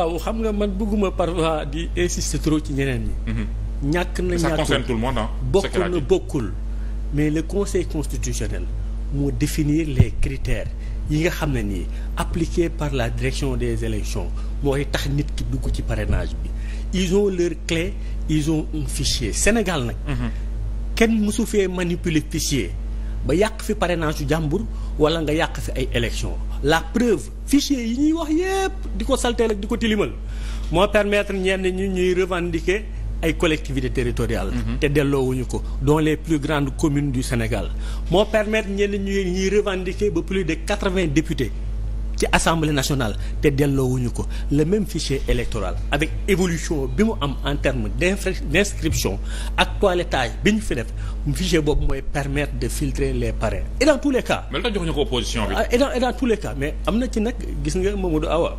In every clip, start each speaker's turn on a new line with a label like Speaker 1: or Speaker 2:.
Speaker 1: waaw xam nga man bëgguma parfois di insister trop ci ñeneen ñi. Mhm. ñàkk na ñàkkul ça concerne tout bokk na bokkul mais le conseil constitutionnel moo définir les critères yi nga xam ne nii appliqués par la direction des élections mooy tax nit ki dugg ci parrainage bi ils ont leur clé ils ont un fichier Sénégal nag. Mhm. kenn mësu fee manipuler fichier. ba yàq fi parrainage su jàmbur wala nga yàq fi ay élection la preuve fichier yi ñuy wax yépp di ko salteel ak di ko tilimal moo permettre ñenn ñi ñuy revendiquer ay collectivités territoriales mhm. te delloowuñu ko dont les plus grandes communes du Sénégal moo permettre ñenn ñi ñuy revendiquer ba plus de quatre vingt députés ci assemblée nationale te delloowuñu ko le même fichier électoral avec évolution bi mu am en terme d'inscription ak toilettage bi ñu fi def fichier boobu mooy permettre de filtrer les parrains et dans tous les cas. mais jox ñu ko opposition bi. Ah, et dans et dans tous am na ci nag gis nga moom Mamadou Awa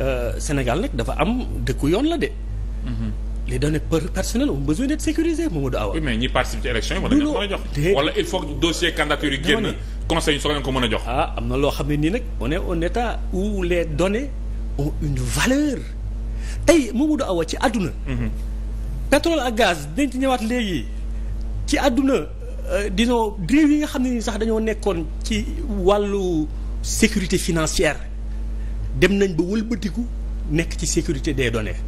Speaker 1: euh, Sénégal nag dafa am dëkku yoon la de. Mm-hmm. les données personnelles ont besoin d'être sécurisées Mamadou Awa. oui mais ñi participent ci élection yi war nañu mën a jox. wala il faut que dossier candidature yi génn conseil yi ko mën a jox. ah am na loo xam ne nii nag on est en état où les données ont une valeur tey Mamadou Awa ci àdduna. Mhm. pétrole ak gaz dañ ñëwaat léegi ci àdduna euh, dino réew yi nga xam ne nii sax dañoo nekkoon ci wàllu sécurité financière dem nañ ba wëlbatiku nekk ci sécurité des données.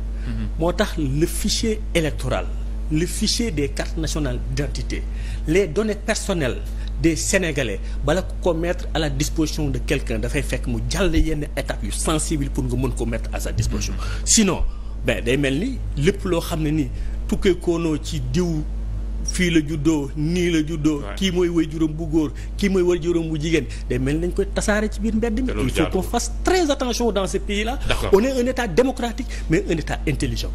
Speaker 1: moo tax le fichier électoral le fichier des cartes nationales d'identité les données personnelles des sénégalais bala ko mettre à la disposition de quelqu'un dafay fekk mu jàll yenn étapes yu sensibles pour nga mën ko mettre à sa disposition mm-hmm. sinon ben day mel ni lépp loo xam ne ni tukkeekoonoo ci diw fii la juddoo nii la juddoo kii mooy juróom bu góor kii mooy waajuram bu jigéen day mel nañ koy tasaare ci biir mbedd mi il faut qu'on fasse très attention dans ce pays là on un état démocratique mais un état intelligent